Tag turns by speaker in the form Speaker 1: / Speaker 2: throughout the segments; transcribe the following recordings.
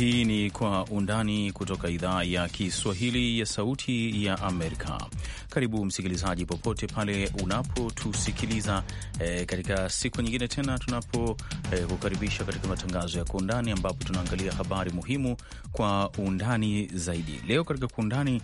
Speaker 1: Hii ni Kwa Undani kutoka idhaa ya Kiswahili ya Sauti ya Amerika. Karibu msikilizaji, popote pale unapotusikiliza e, katika siku nyingine tena tunapokukaribisha eh, e, katika matangazo ya Kwa Undani ambapo tunaangalia habari muhimu kwa undani zaidi. Leo katika Kwa Undani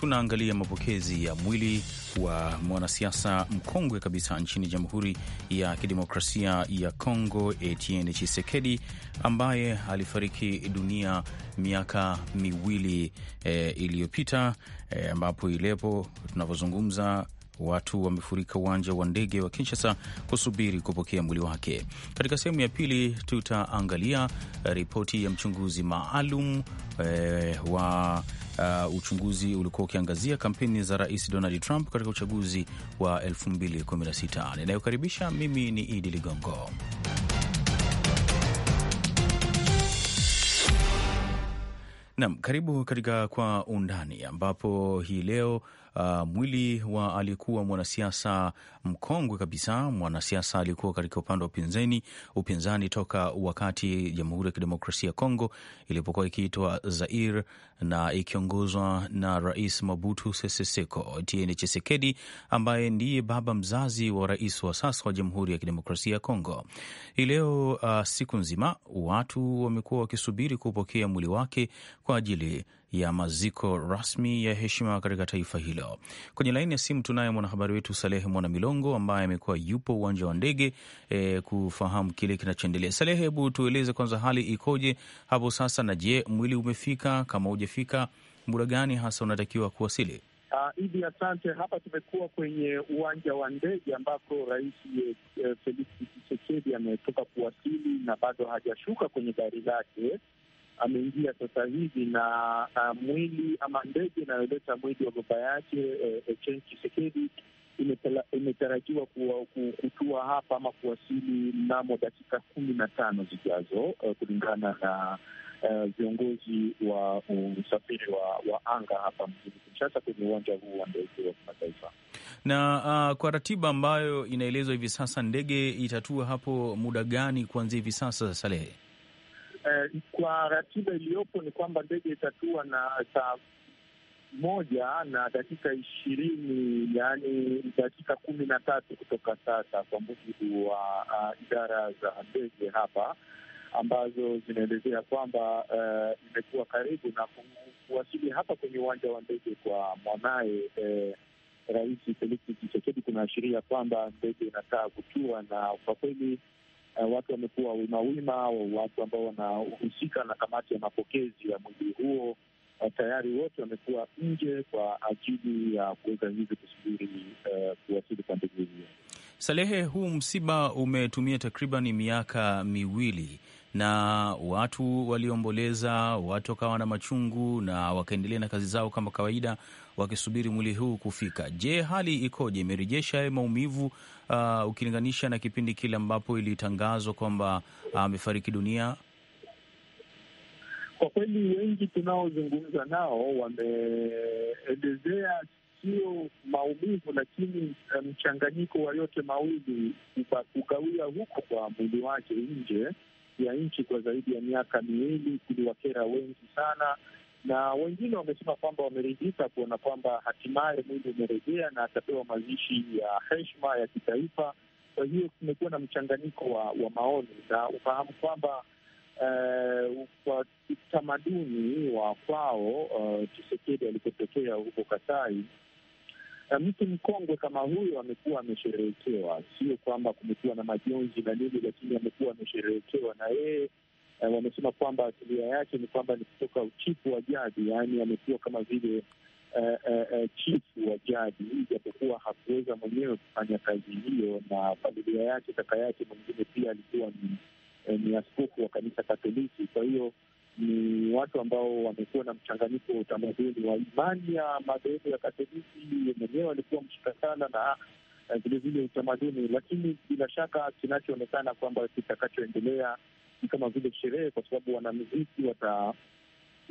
Speaker 1: tunaangalia mapokezi ya mwili wa mwanasiasa mkongwe kabisa nchini Jamhuri ya Kidemokrasia ya Kongo, Etienne chisekedi ambaye alifariki dunia miaka miwili e, iliyopita e, ambapo ilepo tunavyozungumza watu wamefurika uwanja wa ndege wa Kinshasa kusubiri kupokea mwili wake. Katika sehemu ya pili tutaangalia ripoti ya mchunguzi maalum e, wa uh, uchunguzi ulikuwa ukiangazia kampeni za Rais Donald Trump katika uchaguzi wa 2016. Ninayokaribisha mimi ni Idi Ligongo. nam karibu katika Kwa Undani ambapo hii leo uh, mwili wa aliyekuwa mwanasiasa mkongwe kabisa, mwanasiasa aliyekuwa katika upande wa upinzani upinzani toka wakati Jamhuri ya Kidemokrasia ya Kongo ilipokuwa ikiitwa zair na ikiongozwa na Rais Mobutu Sese Seko Tieni Chisekedi, ambaye ndiye baba mzazi wa rais wa sasa wa Jamhuri ya Kidemokrasia ya Kongo. Hii leo uh, siku nzima watu wamekuwa wakisubiri kupokea mwili wake kwa ajili ya maziko rasmi ya heshima katika taifa hilo. Kwenye laini ya simu tunaye mwanahabari wetu Salehe milongo ambaye amekuwa yupo uwanja wa ndege e, kufahamu kile kinachoendelea. Salehe, hebu tueleze kwanza hali ikoje hapo sasa, na je, mwili umefika? Kama hujafika, muda gani hasa unatakiwa kuwasili?
Speaker 2: Uh, Idi, asante. Hapa tumekuwa kwenye uwanja wa ndege ambako Rais eh, Felix Tshisekedi ametoka kuwasili na bado hajashuka kwenye gari lake ameingia sasa hivi na uh, mwili ama ndege inayoleta mwili wa baba yake eh, eh Etienne imetarajiwa kutua hapa ama kuwasili mnamo dakika kumi na tano zijazo, eh, kulingana na eh, viongozi wa usafiri wa, wa anga hapa mjini Kinshasa kwenye uwanja huu wa ndege wa kimataifa
Speaker 1: na uh, kwa ratiba ambayo inaelezwa hivi sasa, ndege itatua hapo muda gani kuanzia hivi sasa, Salehe?
Speaker 2: eh, kwa ratiba iliyopo ni kwamba ndege itatua na saa moja na dakika ishirini yaani dakika kumi na tatu kutoka sasa, kwa mujibu wa uh, idara za ndege hapa ambazo zinaelezea kwamba uh, imekuwa karibu na kuwasili hapa kwenye uwanja wa ndege kwa mwanaye eh, Rais Felix Tshisekedi kunaashiria kwamba ndege inataa kutua, na kwa kweli uh, watu wamekuwa wimawima, watu ambao wanahusika na kamati ya mapokezi ya mwili huo uh, tayari wote wamekuwa nje kwa ajili ya uh, kuweza hivi kusubiri uh, kuwasili kwa ndege hiyo.
Speaker 1: Salehe, huu msiba umetumia takriban miaka miwili na watu waliomboleza, watu wakawa na machungu na wakaendelea na kazi zao kama kawaida, wakisubiri mwili huu kufika. Je, hali ikoje? Imerejesha yale maumivu uh, ukilinganisha na kipindi kile ambapo ilitangazwa kwamba uh, amefariki uh, dunia?
Speaker 2: Kwa kweli wengi tunaozungumza nao wameelezea sio maumivu, lakini uh, mchanganyiko um, wa yote mawili, kugawia huko kwa mwili wake nje ya nchi kwa zaidi ya miaka miwili kuliwakera wengi sana na wengine wamesema kwamba wameridhika kuona kwamba hatimaye mwili umerejea na atapewa mazishi ya heshima ya kitaifa. Kwa hiyo kumekuwa na mchanganyiko wa, wa maoni na ufahamu kwamba uh, kwa utamaduni wa kwao uh, eh, Chisekedi alikotokea huko Kasai na mtu mkongwe kama huyo amekuwa amesherehekewa, sio kwamba kumekuwa na majonzi na nini, lakini amekuwa amesherehekewa na yeye eh, wamesema kwamba sheria yake ni kwamba ni kutoka uchifu wa jadi, yaani amekuwa kama vile eh, eh, eh, chifu wa jadi, ijapokuwa hakuweza mwenyewe kufanya kazi hiyo, na familia yake, kaka yake mwingine pia alikuwa ni, eh, ni askofu wa kanisa Katoliki. Kwa hiyo ni watu ambao wamekuwa na mchanganyiko wa utamaduni wa imani ya madhehebu ya Katoliki, mwenyewe alikuwa mshika sana na vilevile eh, utamaduni, lakini bila shaka kinachoonekana kwamba kitakachoendelea kama vile sherehe, kwa sababu wanamuziki wata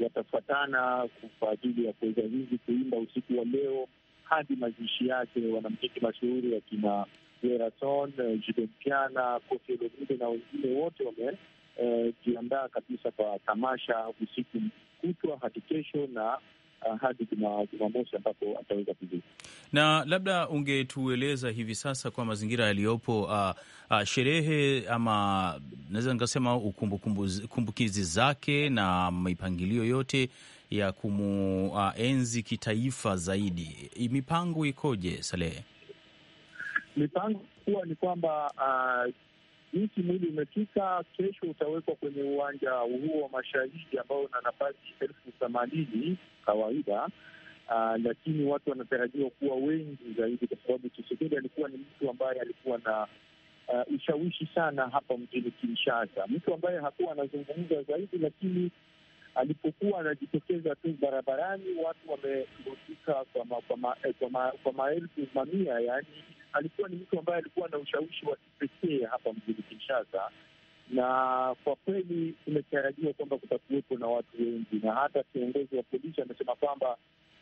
Speaker 2: watafuatana kwa ajili ya kuweza hizi kuimba usiku wa leo hadi mazishi yake. wanamziki mashuhuri wakina Werason, eh, Jidempiana, Koffi Olomide na wengine wote wamejiandaa eh, kabisa kwa tamasha usiku kutwa hadi kesho na Uh, hadi Jumamosi ambapo ataweza kuzuru.
Speaker 1: Na labda ungetueleza hivi sasa kwa mazingira yaliyopo, uh, uh, sherehe ama naweza nikasema kumbukizi zake na mipangilio yote ya kumuenzi uh, kitaifa zaidi, mipango ikoje Salehe?
Speaker 2: Mipango kuwa ni kwamba uh, wiki mwili umefika, kesho utawekwa kwenye uwanja huo wa Mashahidi ambao una nafasi elfu themanini kawaida. Uh, lakini watu wanatarajiwa kuwa wengi zaidi, kwa sababu Tshisekedi alikuwa ni mtu ambaye alikuwa na uh, ushawishi sana hapa mjini Kinshasa, mtu ambaye hakuwa anazungumza zaidi, lakini alipokuwa anajitokeza tu barabarani watu wamegusika kwa maelfu mamia, yani alikuwa ni mtu ambaye alikuwa na ushawishi wa kipekee hapa mjini Kinshasa, na kwa kweli imetarajiwa kwamba kutakuwepo na watu wengi, na hata kiongozi wa polisi amesema kwamba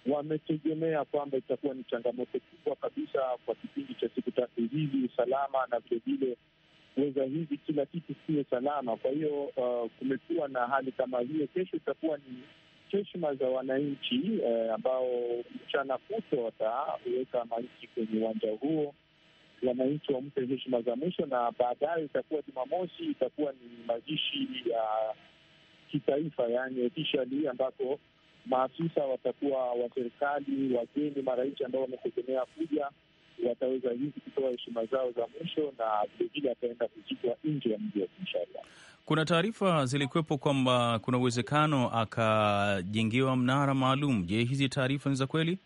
Speaker 2: wametegemea kwamba itakuwa ni changamoto kubwa kabisa kwa kipindi cha siku tatu hizi, usalama na vilevile kuweza hivi kila kitu siwe salama. Kwa hiyo uh, kumekuwa na hali kama hiyo. Kesho itakuwa ni heshima za wananchi eh, ambao mchana kuto wataweka maiti kwenye uwanja huo, wananchi wampe heshima za mwisho, na baadaye itakuwa Jumamosi, itakuwa ni mazishi ya kitaifa, yani ofishali, ambapo maafisa watakuwa wa serikali, wageni, marais ambao wametegemea kuja wataweza hivi kutoa heshima zao za mwisho, na vilevile ataenda kuzikwa nje ya mji wa Kinshasa.
Speaker 1: Kuna taarifa zilikuwepo kwamba kuna uwezekano akajengewa mnara maalum. Je, hizi taarifa ni za kweli?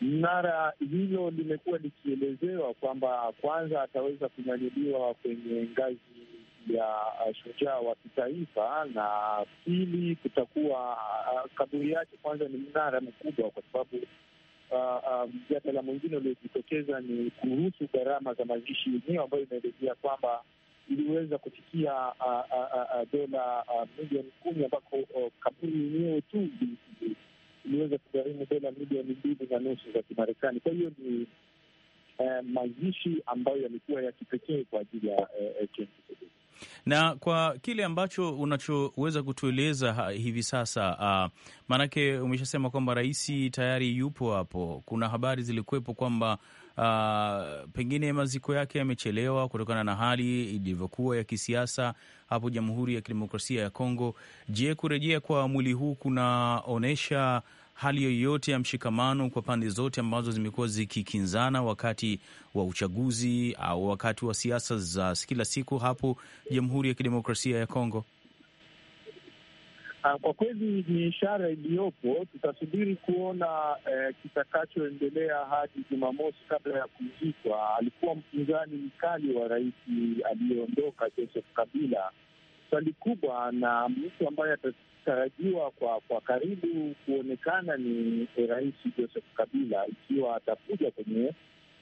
Speaker 2: Mnara hilo limekuwa likielezewa kwamba kwanza ataweza kunyanyuliwa kwenye ngazi ya shujaa wa kitaifa, na pili kutakuwa ah, kaburi yake kwanza ni mnara mkubwa, kwa sababu mjadala uh, um, mwingine uliojitokeza ni kuhusu gharama za mazishi yenyewe ambayo inaelezea kwamba iliweza kufikia uh, uh, uh, uh, dola uh, milioni kumi ambako uh, kampuni yenyewe tu iliweza kugharimu dola milioni mbili na nusu za Kimarekani. Kwa hiyo ni uh, mazishi ambayo yalikuwa ya kipekee kwa ajili ya uh, uh,
Speaker 1: na kwa kile ambacho unachoweza kutueleza hivi sasa uh, maanake umeshasema kwamba rais tayari yupo hapo. Kuna habari zilikuwepo kwamba uh, pengine maziko yake yamechelewa kutokana na hali ilivyokuwa ya kisiasa hapo Jamhuri ya Kidemokrasia ya Kongo. Je, kurejea kwa mwili huu kunaonyesha hali yoyote ya mshikamano kwa pande zote ambazo zimekuwa zikikinzana wakati wa uchaguzi au wakati wa siasa za kila siku hapo Jamhuri ya Kidemokrasia ya Kongo?
Speaker 2: Ah, kwa kweli ni ishara iliyopo. Tutasubiri kuona eh, kitakachoendelea hadi Jumamosi kabla ya kuzikwa Alikuwa mpinzani mkali wa rais aliyeondoka Joseph Kabila. Swali kubwa na mtu ambaye tarajiwa kwa kwa karibu kuonekana ni Rais Joseph Kabila ikiwa atakuja kwenye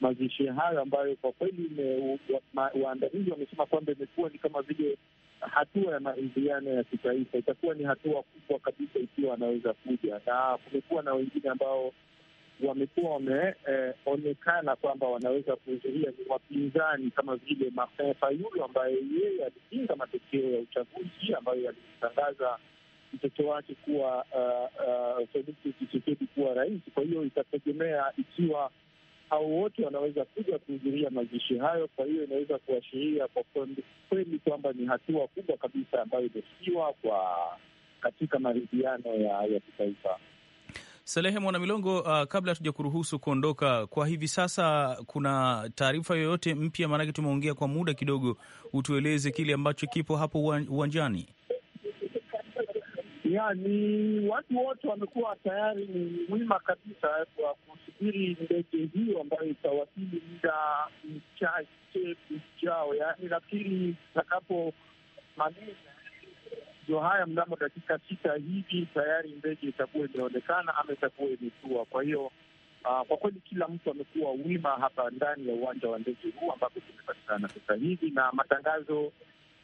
Speaker 2: mazishi hayo ambayo kwa kweli waandalizi wamesema kwamba imekuwa ni kama vile hatua ya maridhiano ya kitaifa. Itakuwa ni hatua kubwa kabisa ikiwa anaweza kuja, na kumekuwa na wengine ambao wamekuwa wameonekana eh, kwamba wanaweza kuhudhuria ni wapinzani kama vile Martin Fayulu ambaye yeye alipinga matokeo ya uchaguzi ambayo yalitangaza mtoto wake kuwa uh, uh, Felix Tshisekedi kuwa rais. Kwa hiyo itategemea ikiwa hao wote wanaweza kuja kuhudhuria mazishi hayo. Kwa hiyo inaweza kuashiria kwa kweli kwamba ni hatua kubwa kabisa ambayo imefikiwa kwa katika maridhiano ya, ya kitaifa.
Speaker 1: Salehe Mwana Milongo, uh, kabla hatuja kuruhusu kuondoka, kwa hivi sasa kuna taarifa yoyote mpya? Maanake tumeongea kwa muda kidogo, utueleze kile ambacho kipo hapo uwanjani
Speaker 2: ya ni watu wote wamekuwa tayari ni wima kabisa kwa kusubiri ndege hiyo ambayo itawasili muda mchache ujao. Yaani nafikiri itakapomaliza ndio haya mnamo dakika sita hivi tayari ndege itakuwa imeonekana ama itakuwa imetua. Kwa hiyo Uh, kwa kweli kila mtu amekuwa wima hapa ndani ya uwanja wa ndege huu ambapo tumepatikana sasa hivi, na matangazo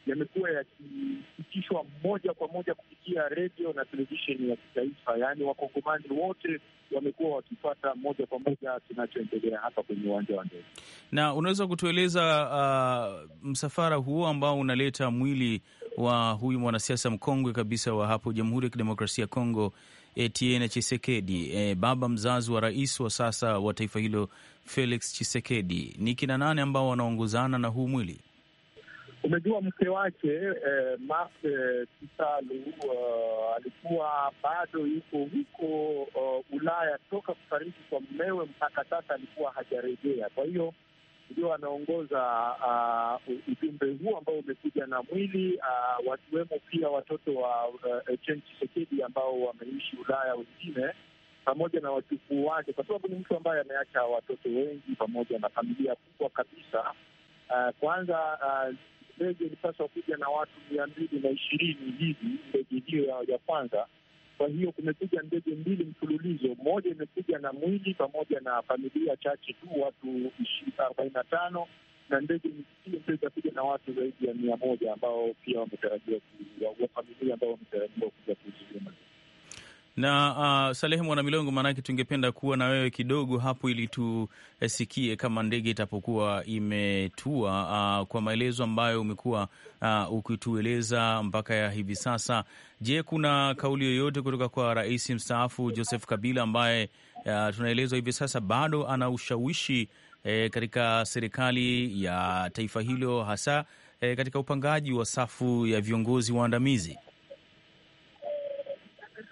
Speaker 2: yamekuwa yakipitishwa moja kwa moja kupitia redio na televisheni ya kitaifa. Yaani wakongomani wote wamekuwa wakipata moja kwa moja kinachoendelea hapa kwenye uwanja wa ndege.
Speaker 1: Na unaweza kutueleza uh, msafara huo ambao unaleta mwili wa huyu mwanasiasa mkongwe kabisa wa hapo Jamhuri ya Kidemokrasia ya Kongo, Etienne Chisekedi, e, baba mzazi wa rais wa sasa wa taifa hilo Felix Chisekedi, ni kina nane ambao wanaongozana na huu mwili?
Speaker 2: Umejua mke wake eh, Marc eh, uh, alikuwa bado yuko huko uh, Ulaya toka kufariki kwa mmewe mpaka sasa alikuwa hajarejea. Kwa hiyo ndio anaongoza uh, ujumbe huu ambao umekuja na mwili uh, wakiwemo pia watoto wa uh, Chen Chisekedi ambao wameishi Ulaya wengine pamoja na wajukuu wake, kwa sababu ni mtu ambaye ameacha watoto wengi pamoja na familia kubwa kabisa. Uh, kwanza uh, ndege ilipaswa kuja na watu mia mbili na ishirini hivi, ndege hiyo ya kwanza. Kwa hiyo kumekuja ndege mbili mfululizo, moja imekuja na mwili pamoja na familia chache tu, watu arobaini na tano na ndege hiyo ndio itakuja na watu zaidi ya mia moja ambao pia wametarajiwa wa familia ambao wametarajiwa kuja kuzima
Speaker 1: na uh, Salehe Milongo, maanake tungependa kuwa na wewe kidogo hapo ili tusikie kama ndege itapokuwa imetua, uh, kwa maelezo ambayo umekuwa uh, ukitueleza mpaka ya hivi sasa. Je, kuna kauli yoyote kutoka kwa rais mstaafu Joseph Kabila ambaye uh, tunaelezwa hivi sasa bado ana ushawishi eh, katika serikali ya taifa hilo hasa eh, katika upangaji wa safu ya viongozi waandamizi?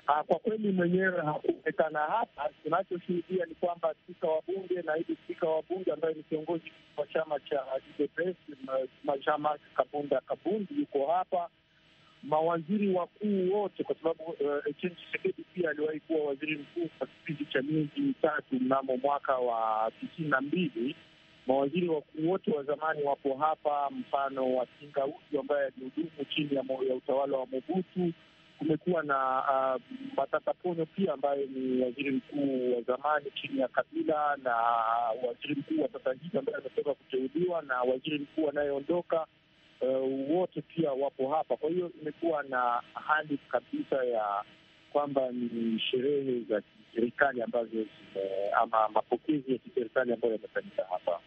Speaker 2: Aa, ah, kwa kweli mwenyewe hakuonekana hapa. Tunachoshuhudia ni kwamba spika wa bunge, naibu spika wa bunge ambaye ni kiongozi wa chama cha UDPS Jean-Marc Kabunda Kabundi yuko hapa, mawaziri wakuu wote, kwa sababu uh, Etienne Tshisekedi pia aliwahi kuwa waziri mkuu kwa kipindi cha miezi mitatu mnamo mwaka wa tisini na mbili. Mawaziri wakuu wote wa zamani wapo hapa, mfano wa Tingahutu ambaye alihudumu chini ya, ya utawala wa Mobutu kumekuwa na uh, matatapono pia ambaye ni waziri mkuu wa zamani chini ya Kabila na waziri mkuu wa sasa hivi ambaye ametoka kuteuliwa na waziri mkuu anayeondoka. Uh, wote pia wapo hapa, kwa hiyo imekuwa na hali kabisa ya kwamba ni sherehe za kiserikali ambazo zime, ama mapokezi ya kiserikali ambayo yamefanyika hapa.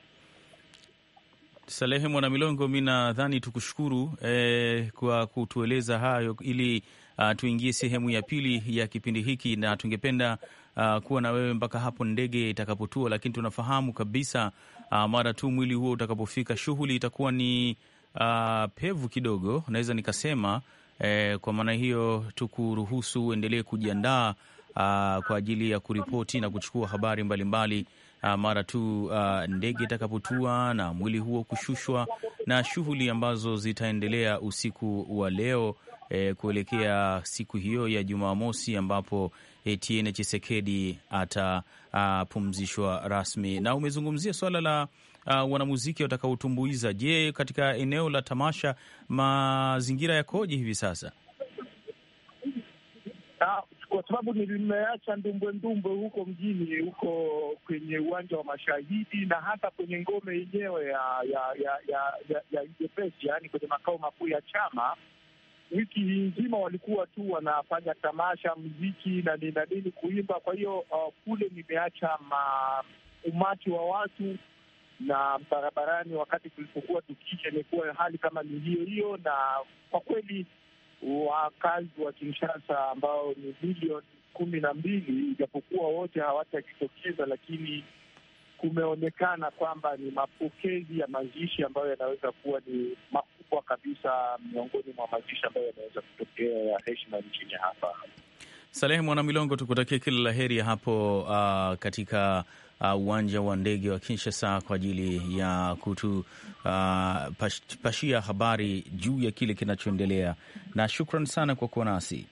Speaker 1: Salehe Mwanamilongo, mi nadhani tukushukuru eh, kwa kutueleza hayo ili uh, tuingie sehemu ya pili ya kipindi hiki na tungependa uh, kuwa na wewe mpaka hapo ndege itakapotua, lakini tunafahamu kabisa uh, mara tu mwili huo utakapofika, shughuli itakuwa ni uh, pevu kidogo, naweza nikasema eh, kwa maana hiyo tukuruhusu uendelee kujiandaa Uh, kwa ajili ya kuripoti na kuchukua habari mbalimbali mbali, uh, mara tu uh, ndege itakapotua na mwili huo kushushwa na shughuli ambazo zitaendelea usiku wa leo e, kuelekea siku hiyo ya Jumamosi ambapo eh, Etienne Chisekedi atapumzishwa uh, rasmi. Na umezungumzia swala la Uh, wanamuziki watakaotumbuiza. Je, katika eneo la tamasha mazingira yakoje hivi sasa?
Speaker 2: Ah, kwa sababu nilimeacha ndumbwe ndumbwe huko mjini huko kwenye uwanja wa Mashahidi na hata kwenye ngome yenyewe ya ya ya ya, ya, ya, ya, ya, yaani kwenye makao makuu ya chama wiki nzima walikuwa tu wanafanya tamasha, mziki na nini na nini, kuimba. Kwa hiyo uh, kule nimeacha umati wa watu na barabarani, wakati tulipokuwa tukisha, imekuwa hali kama ni hiyo hiyo, na kwa kweli wakazi wa Kinshasa ambao ni milioni kumi na mbili, ijapokuwa wote hawatajitokeza, lakini kumeonekana kwamba ni mapokezi ya mazishi ambayo yanaweza kuwa ni kubwa kabisa miongoni mwa mazishi ambayo yanaweza kutokea ya heshima nchini hapa.
Speaker 1: Salehe Milongo, tukutakie kila la heri hapo uh, katika uh, uwanja uh, wa ndege wa Kinshasa kwa ajili ya kutupashia uh, habari juu ya kile kinachoendelea, na shukran sana kwa kuwa nasi.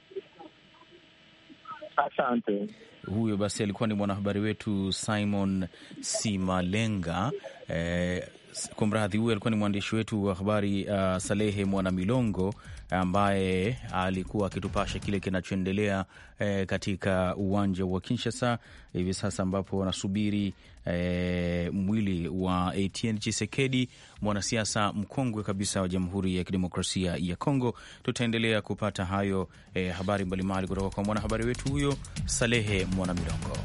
Speaker 1: Asante. Huyo basi alikuwa ni mwanahabari wetu Simon Simalenga eh, kwa mradhi, huyu alikuwa ni mwandishi wetu wa habari uh, Salehe Mwanamilongo ambaye alikuwa akitupasha kile kinachoendelea eh, katika uwanja wa Kinshasa hivi sasa ambapo wanasubiri eh, mwili wa Etienne chisekedi mwanasiasa mkongwe kabisa wa Jamhuri ya Kidemokrasia ya Kongo. Tutaendelea kupata hayo eh, habari mbalimbali kutoka kwa mwanahabari wetu huyo Salehe Mwanamilongo.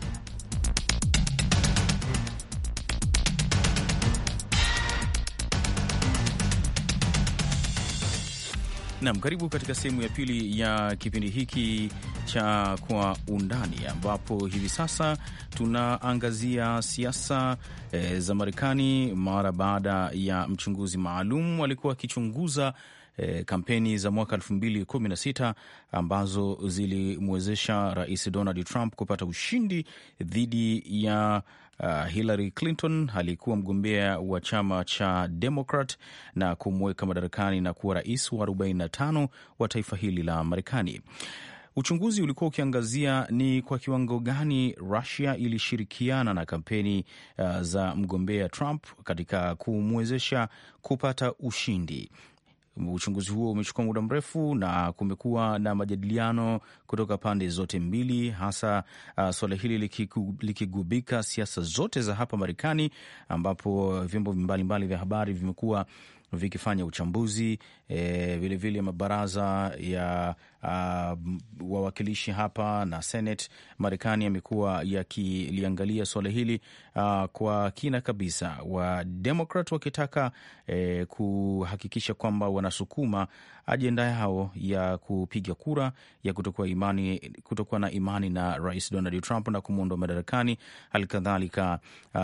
Speaker 1: Nam, karibu katika sehemu ya pili ya kipindi hiki cha Kwa Undani, ambapo hivi sasa tunaangazia siasa e, za Marekani mara baada ya mchunguzi maalum alikuwa akichunguza E, kampeni za mwaka 2016 ambazo zilimwezesha Rais Donald Trump kupata ushindi dhidi ya hilary uh, Hillary Clinton alikuwa mgombea wa chama cha Democrat na kumweka madarakani na kuwa rais wa 45 wa taifa hili la Marekani. Uchunguzi ulikuwa ukiangazia ni kwa kiwango gani Rusia ilishirikiana na kampeni uh, za mgombea Trump katika kumwezesha kupata ushindi. Uchunguzi huo umechukua muda mrefu na kumekuwa na majadiliano kutoka pande zote mbili, hasa uh, suala hili likigubika liki siasa zote za hapa Marekani, ambapo vyombo mbalimbali vya habari vimekuwa vikifanya uchambuzi vilevile, eh, vile mabaraza ya uh, wawakilishi hapa na Senate Marekani yamekuwa yakiliangalia suala hili uh, kwa kina kabisa, Wademokrat wakitaka eh, kuhakikisha kwamba wanasukuma ajenda yao ya kupiga kura ya kutokuwa imani, kutokuwa na imani na Rais Donald Trump na kumwondoa madarakani. Halikadhalika uh,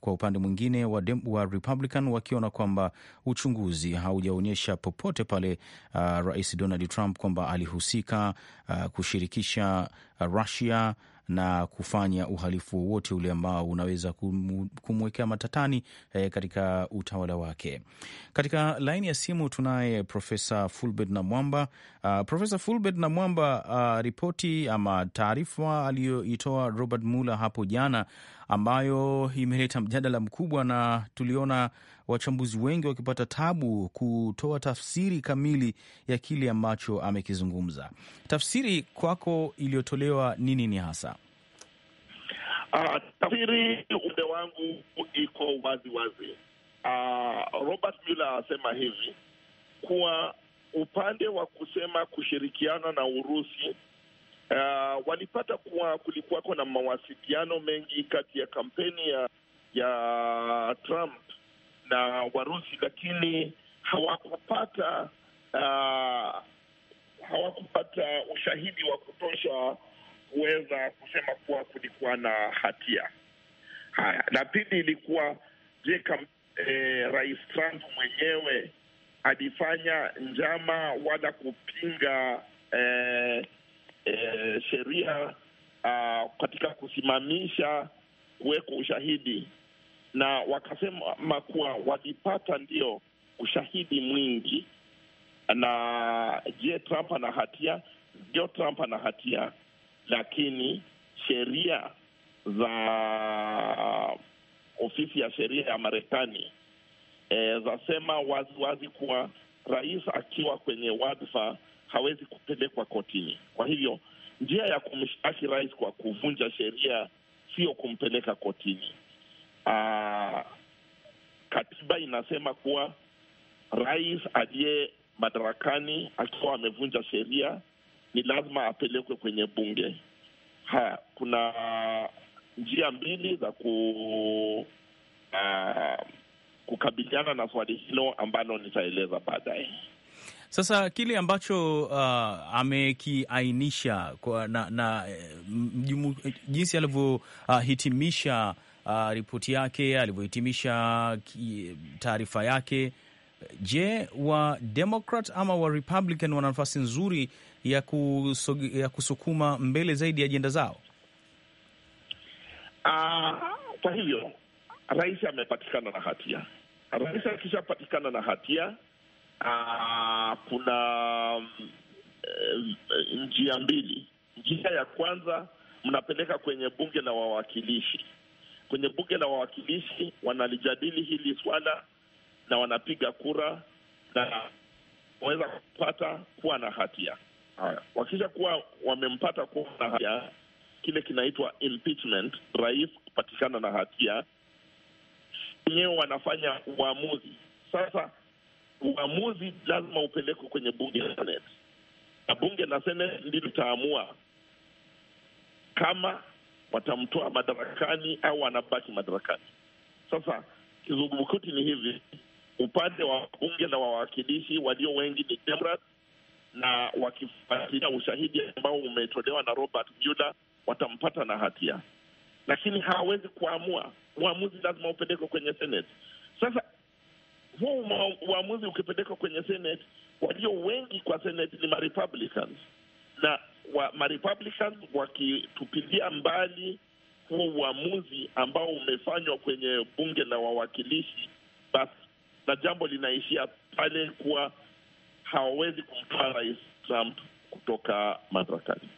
Speaker 1: kwa upande mwingine wa, dem, wa Republican wakiona kwamba uchunguzi haujaonyesha popote pale uh, Rais Donald Trump kwamba alihusika uh, kushirikisha uh, Rusia na kufanya uhalifu wowote ule ambao unaweza kumwekea matatani eh, katika utawala wake. Katika laini ya simu tunaye Profesa Fulbert Namwamba. Uh, Profesa Fulbert Namwamba, uh, ripoti ama taarifa aliyoitoa Robert Mueller hapo jana ambayo imeleta mjadala mkubwa na tuliona wachambuzi wengi wakipata tabu kutoa tafsiri kamili ya kile ambacho amekizungumza. Tafsiri kwako iliyotolewa ni nini hasa?
Speaker 3: Uh, tafsiri upande wangu iko wazi wazi. Uh, Robert Mueller asema hivi kuwa upande wa kusema kushirikiana na Urusi uh, walipata kuwa kulikuwako na mawasiliano mengi kati ya kampeni ya ya Trump na Warusi, lakini hawakupata uh, hawakupata ushahidi wa kutosha kuweza kusema kuwa kulikuwa na hatia. Haya, la pili ilikuwa je, kam, eh, Rais Trump mwenyewe alifanya njama wala kupinga eh, eh, sheria uh, katika kusimamisha kuwekwa ushahidi na wakasema kuwa walipata ndio ushahidi mwingi, na je, Trump ana hatia? Ndio, Trump ana hatia, lakini sheria za ofisi ya sheria ya Marekani e, zasema waziwazi kuwa rais akiwa kwenye wadhifa hawezi kupelekwa kotini. Kwa hivyo njia ya kumshtaki rais kwa kuvunja sheria sio kumpeleka kotini. Ah, katiba inasema kuwa rais aliye madarakani akiwa amevunja sheria ni lazima apelekwe kwenye bunge. haya kuna njia mbili za ku uh, kukabiliana na swali hilo ambalo nitaeleza baadaye.
Speaker 1: Sasa kile ambacho uh, amekiainisha na, na eh, jinsi alivyohitimisha uh, uh, ripoti yake alivyohitimisha taarifa yake. Je, wa Democrat ama wa Republican wana nafasi nzuri ya, ya kusukuma mbele zaidi ya ajenda zao?
Speaker 3: Uh, kwa hivyo rais amepatikana na hatia. Rais akishapatikana na hatia uh, kuna eh, njia mbili. Njia ya kwanza mnapeleka kwenye bunge la wawakilishi kwenye bunge la wawakilishi wanalijadili hili swala na wanapiga kura na waweza kupata kuwa na hatia. Haya, wakisha kuwa wamempata kuwa na hatia, kile kinaitwa impeachment, rais kupatikana na hatia, wenyewe wanafanya uamuzi. Sasa uamuzi lazima upelekwe kwenye bunge la Senate, na bunge la Senate ndilo litaamua kama watamtoa madarakani au wanabaki madarakani. Sasa kizungumkuti ni hivi, upande wa bunge na wawakilishi walio wengi ni Democrat, na wakifuatilia ushahidi ambao umetolewa na Robert Mueller watampata na hatia, lakini hawawezi kuamua. Uamuzi lazima upelekwe kwenye Senate. Sasa huu uamuzi ukipelekwa kwenye Senate, walio wengi kwa Senate ni ma Republicans na wa marepublicans wakitupilia mbali huo uamuzi ambao umefanywa kwenye bunge la wawakilishi, basi na jambo linaishia pale kuwa hawawezi kumtoa rais Trump kutoka
Speaker 1: madarakani.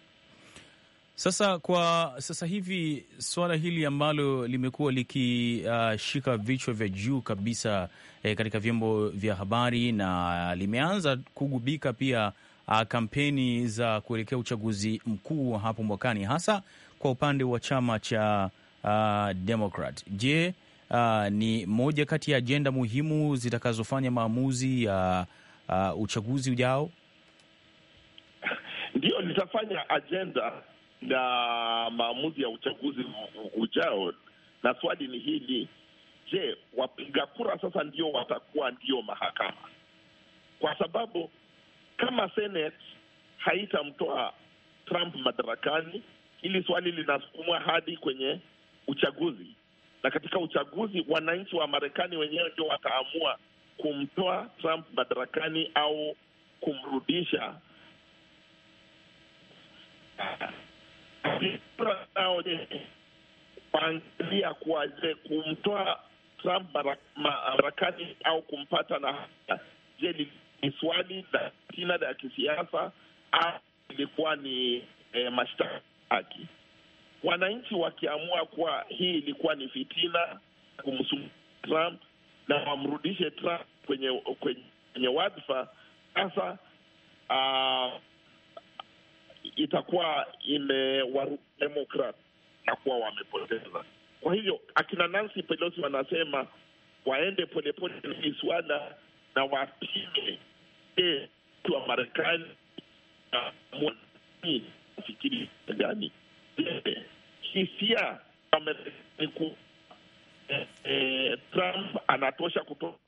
Speaker 1: Sasa kwa sasa hivi suala hili ambalo limekuwa likishika uh, vichwa vya juu kabisa eh, katika vyombo vya habari na limeanza kugubika pia uh, kampeni za kuelekea uchaguzi mkuu hapo mwakani, hasa kwa upande wa chama cha uh, Democrat. Je, uh, ni moja kati ya ajenda muhimu zitakazofanya maamuzi ya uh, uh, uchaguzi ujao?
Speaker 3: ndio litafanya ajenda na maamuzi ya uchaguzi ujao, na swali ni hili: je, wapiga kura sasa ndio watakuwa ndio mahakama? Kwa sababu kama Senate haitamtoa Trump madarakani, hili swali linasukumwa hadi kwenye uchaguzi, na katika uchaguzi wananchi wa Marekani wenyewe ndio wataamua kumtoa Trump madarakani au kumrudisha waangalia kuwa je, kumtoa Trump madarakani au kumpata na je ni swali la kina la kisiasa au ilikuwa ni e, mashtaka haki. Wananchi wakiamua kuwa hii ilikuwa ni fitina kumsumbua Trump na wamrudishe Trump kwenye kwenye, kwenye wadhifa sasa, uh, itakuwa ime Demokrat na kuwa wamepoteza. Kwa hivyo akina Nancy Pelosi wanasema waende polepole na hii swala na wapime e tu wa Marekani fikiri gani hisia Marekani ku eh, eh, Trump anatosha kutoka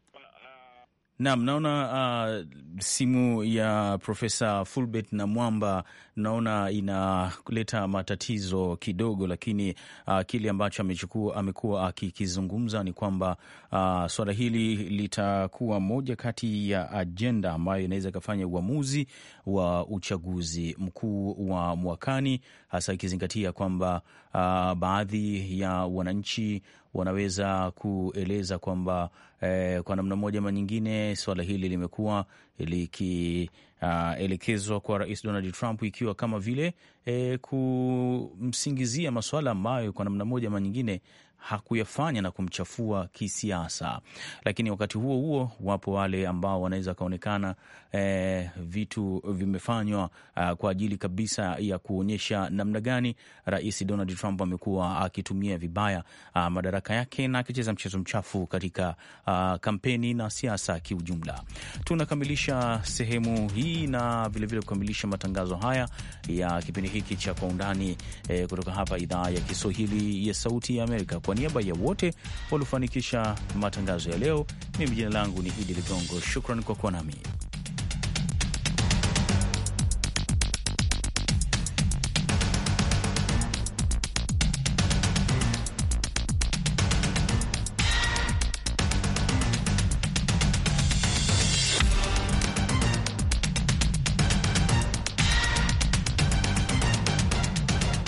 Speaker 1: Naam, naona uh, simu ya Profesa Fulbert na Mwamba naona inaleta matatizo kidogo, lakini uh, kile ambacho amechukua amekuwa akikizungumza ni kwamba uh, swala hili litakuwa moja kati ya ajenda ambayo inaweza ikafanya uamuzi wa uchaguzi mkuu wa mwakani, hasa ikizingatia kwamba uh, baadhi ya wananchi wanaweza kueleza kwamba eh, kwa namna moja ama nyingine swala hili limekuwa likielekezwa uh, kwa Rais Donald Trump ikiwa kama vile eh, kumsingizia masuala ambayo kwa namna moja ama nyingine hakuyafanya na kumchafua kisiasa. Lakini wakati huo huo, wapo wale ambao wanaweza wakaonekana e, eh, vitu vimefanywa a, ah, kwa ajili kabisa ya kuonyesha namna gani Rais Donald Trump amekuwa akitumia vibaya a, ah, madaraka yake na akicheza mchezo mchafu katika a, ah, kampeni na siasa kiujumla. Tunakamilisha sehemu hii na vilevile kukamilisha matangazo haya ya kipindi hiki cha Kwa Undani e, kutoka hapa idhaa ya Kiswahili ya Sauti ya Amerika. Kwa niaba ya wote waliofanikisha matangazo ya leo, mimi jina langu ni Idi Ligongo. Shukran kwa kuwa nami.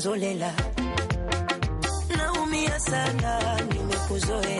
Speaker 4: Nzolela, naumia sana, nimekuzoea